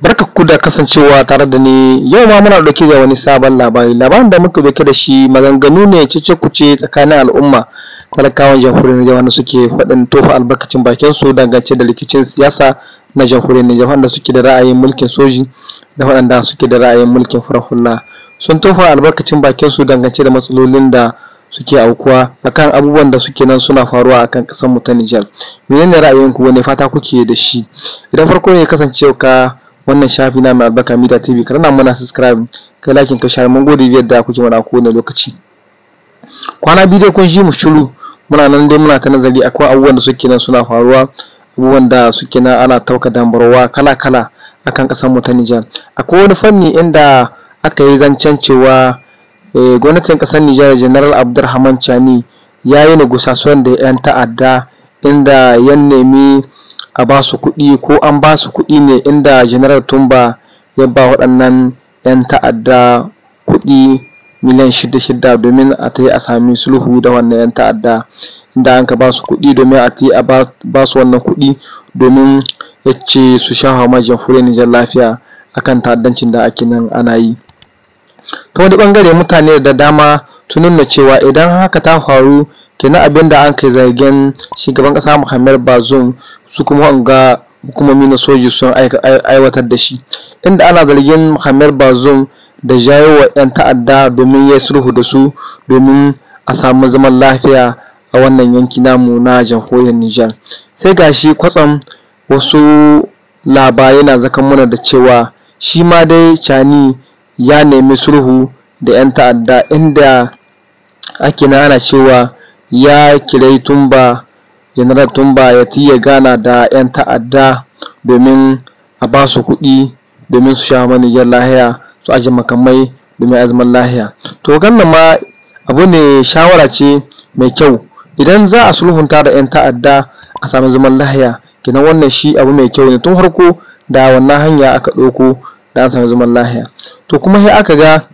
barka ku da kasancewa tare da ni yau ma muna dauke da wani sabon labari labarin da muka dauke da shi maganganu ne cece kuce tsakanin al'umma talakawan jamhuriyar Nijar wanda suke faɗin tofa albarkacin bakin su dangance da rikicin siyasa na jamhuriyar Nijar wanda suke da ra'ayin mulkin soji da waɗanda suke da ra'ayin mulkin farahula sun tofa albarkacin bakin su dangance da matsalolin da suke aukuwa akan abubuwan da suke nan suna faruwa akan kasar mu ta Nijar menene ra'ayinku wani fata kuke da shi idan farko ne kasancewa ka wannan shafi na mai albarka media tv ka rana mana subscribe kai lakin ka share mun gode biyar da kuke mana kowane lokaci kwana biyu dai kun shi mu shiru muna nan dai muna ta nazari akwai abubuwan da suke nan suna faruwa abubuwan da suke nan ana tauka dambarwa kala kala akan kasar mu ta Nijar akwai wani fanni inda aka yi zancen cewa eh, gwamnatin kasar Nijar General Abdulrahman Chani ya yi negosasuwan da 'yan ta'adda inda ya nemi a ba su kuɗi ko an ba su kuɗi ne inda general tumba ya ba waɗannan 'yan ta'adda kuɗi miliyan shida shida domin a ta a sami sulhu da wannan 'yan ta'adda inda an ka ba su kuɗi domin a ta a ba su wannan kuɗi domin ya ce su sha hama jamhuriyar nijar lafiya akan ta'addancin da ake nan ana yi ta wani bangare mutane da dama tunin nuna cewa idan haka ta faru kenan abinda an kai zargin shugaban kasa muhammad bazoum su kuma wanga hukumomi na soji sun aiwatar da shi inda ana zargin muhammad bazoum da jayowa 'yan ta'adda domin ya sulhu da su domin a samu zaman lafiya a wannan yanki namu na jamhuriyar nijar sai gashi kwatsam wasu labarai na zakan mana da cewa shi ma dai cani ya nemi sulhu da 'yan ta'adda inda ake na ana cewa ya kirai tumba general tumba ya ya gana da 'yan ta'adda domin a ba su kuɗi domin su sha manijar lahiya su aje makamai domin azumin lahiya to ganna ma abu ne shawara ce mai kyau idan za a sulhunta da 'yan ta'adda a sami zaman lahiya kina wannan shi abu mai kyau ne tun harko da wannan hanya aka ɗauko da an sami zaman lahiya to kuma sai aka ga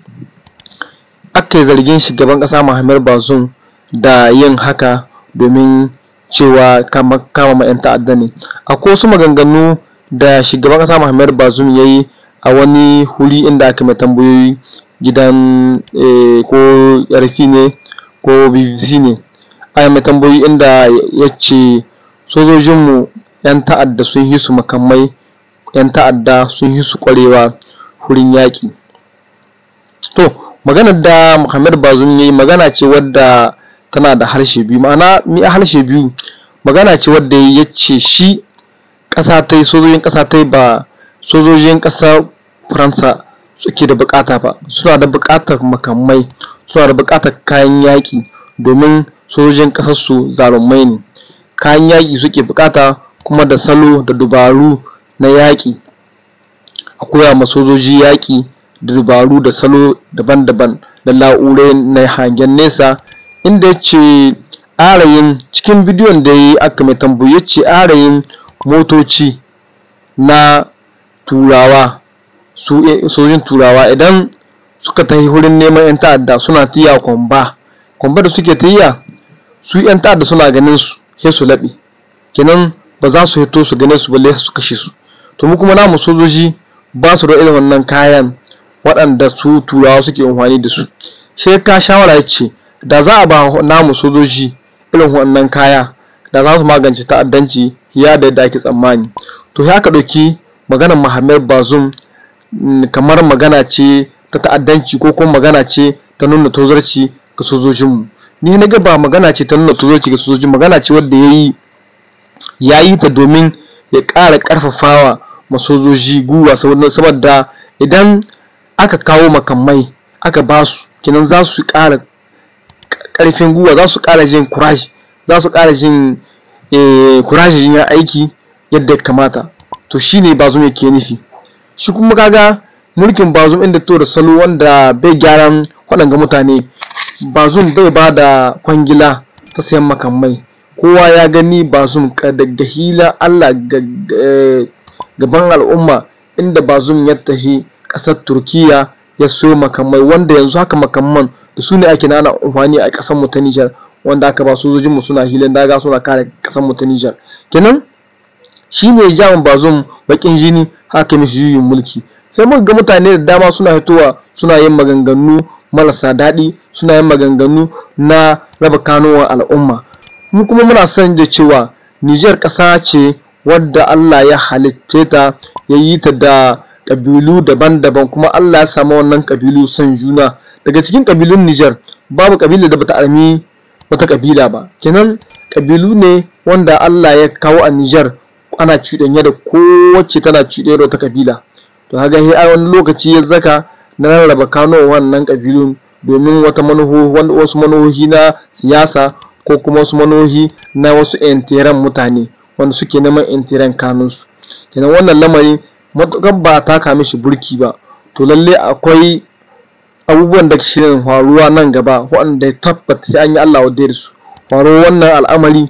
aka yi zargin shugaban ƙasa muhammad bazoum da yin haka domin cewa kama ma 'yan ta'adda ne akwai wasu maganganu da shugaban ƙasa muhammadu bazum ya yi a wani huli inda aka mai tambayoyi gidan eh, ko yarfi ne ko bbc ne A mai tambayoyi inda ya ce sojojinmu 'yan ta'adda sun yi su makamai 'yan ta'adda sun yi su kwarewa hurin yaƙi to maganar da muhammadu bazum ya yi magana ce wadda tana da harshe biyu ma'ana mi harshe biyu magana ce wadda ya ce shi ƙasa ta sojojin ƙasa ta ba sojojin ƙasa faransa suke da buƙata ba suna da bukatar makamai suna da bukatar kayan yaƙi domin sojojin ƙasar su zarumai ne kayan yaƙi suke bukata kuma da salo da dubaru na yaƙi a koya ma sojoji yaƙi da dubaru da salo daban-daban da la'urai na hangen nesa inda yace arayin cikin bidiyon da yayi aka mai tambayi yace arayin motoci na turawa su sojin turawa idan suka tafi wurin neman yan ta'adda suna tiya kwamba kwamba da suke tiya su yan ta'adda suna ganin su sai su laɓe kenan ba za su hito su gane su balle su kashe su to mu kuma namu sojoji ba su da irin wannan kayan waɗanda su turawa suke amfani da su sai ka shawara ce da za a ba namu sojoji irin wannan kaya da za su magance ta'addanci ya da yadda ake tsammani to ya ka ɗauki maganar muhammad bazum mm, kamar magana ce ta ta'addanci ko kuma magana ce ta nuna tozarci ga sojojinmu ni na ga ba magana ce ta nuna tozarci ga sojojin magana ce wadda ya yi ya yi ta domin ya ƙara ƙarfafawa masojoji gwiwa saboda idan aka kawo makamai aka ba su kenan za su ƙara ƙarfin gwiwa za su ƙara jin kuraji za su ƙara jin eh, kuraji yin aiki yadda ya kamata to shi shine bazum yake nufi shi kuma kaga mulkin bazum inda to da salo wanda bai gyaran waɗanga mutane bazum bai ba da kwangila ta sayan makamai kowa ya gani bazum daga hila allah eh, gaban al'umma inda bazum ya tafi ƙasar turkiya ya so makamai wanda yanzu haka makamman da su ne ake nana amfani a ƙasar mu ta Nijar wanda aka ba sojojin mu suna hilin daga suna kare ƙasar mu ta Nijar kenan shi ne jam bazum bakin jini haka mishi yuyin mulki sai muka ga mutane da dama suna fitowa suna yin maganganu marasa daɗi suna yin maganganu na raba kanuwa al'umma mu kuma muna son da cewa Nijar ƙasa ce wadda Allah ya halitta ta ya yi ta da ƙabilu daban-daban kuma Allah ya samu wannan ƙabilu son juna daga cikin ƙabilun Nijar babu ƙabilar da bata armi wata ƙabila ba kenan ƙabilu ne wanda Allah ya kawo a Nijar ana cuɗanya da kowace tana cuɗanya da wata ƙabila to haka sai wani lokaci ya zaka na rarraba kano wannan ƙabilun domin wata wanda wasu manohi na siyasa ko kuma wasu manohi na wasu entiran mutane wanda suke neman entiran su. kenan wannan lamari matukan ba ta kame shi burki ba to lalle akwai abubuwan da ke faruwa nan gaba waɗanda ya tabbata an yi Allah wadda su faruwar wannan al'amari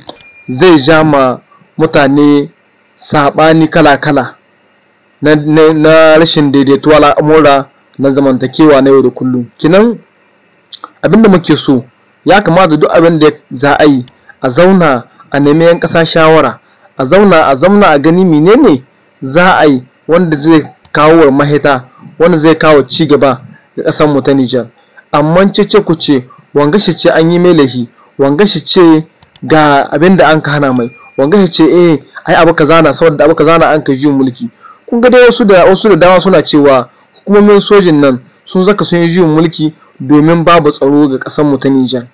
zai ja ma mutane saɓani kala-kala na rashin wa al'amura na zamantakewa na yau da kullum kinan abinda muke so ya kamata duk abin da za a yi a zauna a nemi 'yan ƙasa shawara a zauna a zauna a gani menene za a yi wanda zai kawo mahita wanda zai kawo ci gaba da ƙasar mu ta Nijar amma cece ku ce wanga shi ce an yi mai lahi wanga shi ce ga abin da an ka hana mai wanga shi ce eh ai abu kaza na saboda abu kaza an ka juyin mulki kun ga dai wasu da wasu da dama suna cewa hukumomin sojin nan sun zaka sun yi juyin mulki domin babu tsaro ga ƙasar mu ta Nijar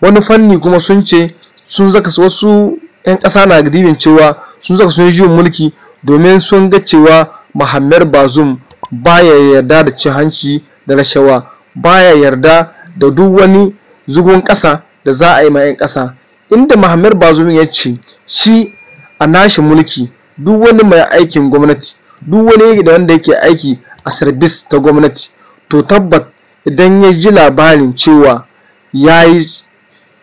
wani fanni kuma sun ce sun zaka wasu 'yan ƙasa na dibin cewa sun zaka sun yi juyin mulki domin sun ga cewa Muhammad Bazoum baya yarda da cin hanci da rashawa baya yarda da duk wani zugun ƙasa da za a yi ma 'yan ƙasa inda Muhammad bazumin ya ce shi a nashi mulki duk wani mai aikin gwamnati duk wani da wanda yake aiki a sarbis ta gwamnati to tabbat idan ya ji labarin cewa ya yi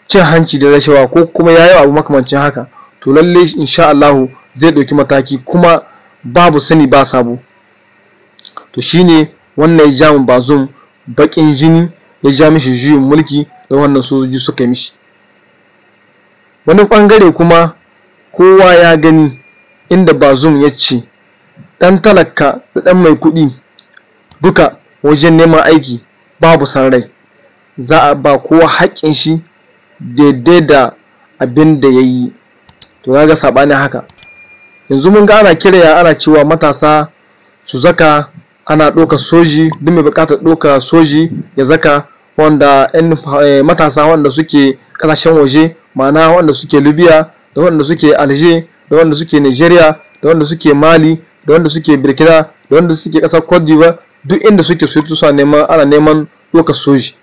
cin hanci da rashawa ko kuma ya yi abu makamancin haka to lalle insha Allah zai ɗauki mataki kuma babu sani ba sabo to shine wannan ya ja mu bazum bakin jini ya ja mishi juyin mulki da wannan sojoji suka mishi wani ɓangare kuma kowa ya gani inda bazum ya ce ɗan talaka da ɗan mai kuɗi duka wajen neman aiki babu san rai za a ba kowa haƙƙin shi daidai da abin da ya yi to ga saɓanin haka yanzu mun ga ana kiraya ana cewa matasa su zaka ana ɗaukar soji duk mai buƙatar ɗaukar soji ya zaka wanda 'yan eh, matasa wanda suke ƙasashen waje ma'ana wanda suke libya da wanda suke alger da wanda suke nigeria da wanda suke mali da wanda suke birkina da wanda suke ƙasar cote d'ivoire duk inda suke su suna neman ana neman ɗaukar soji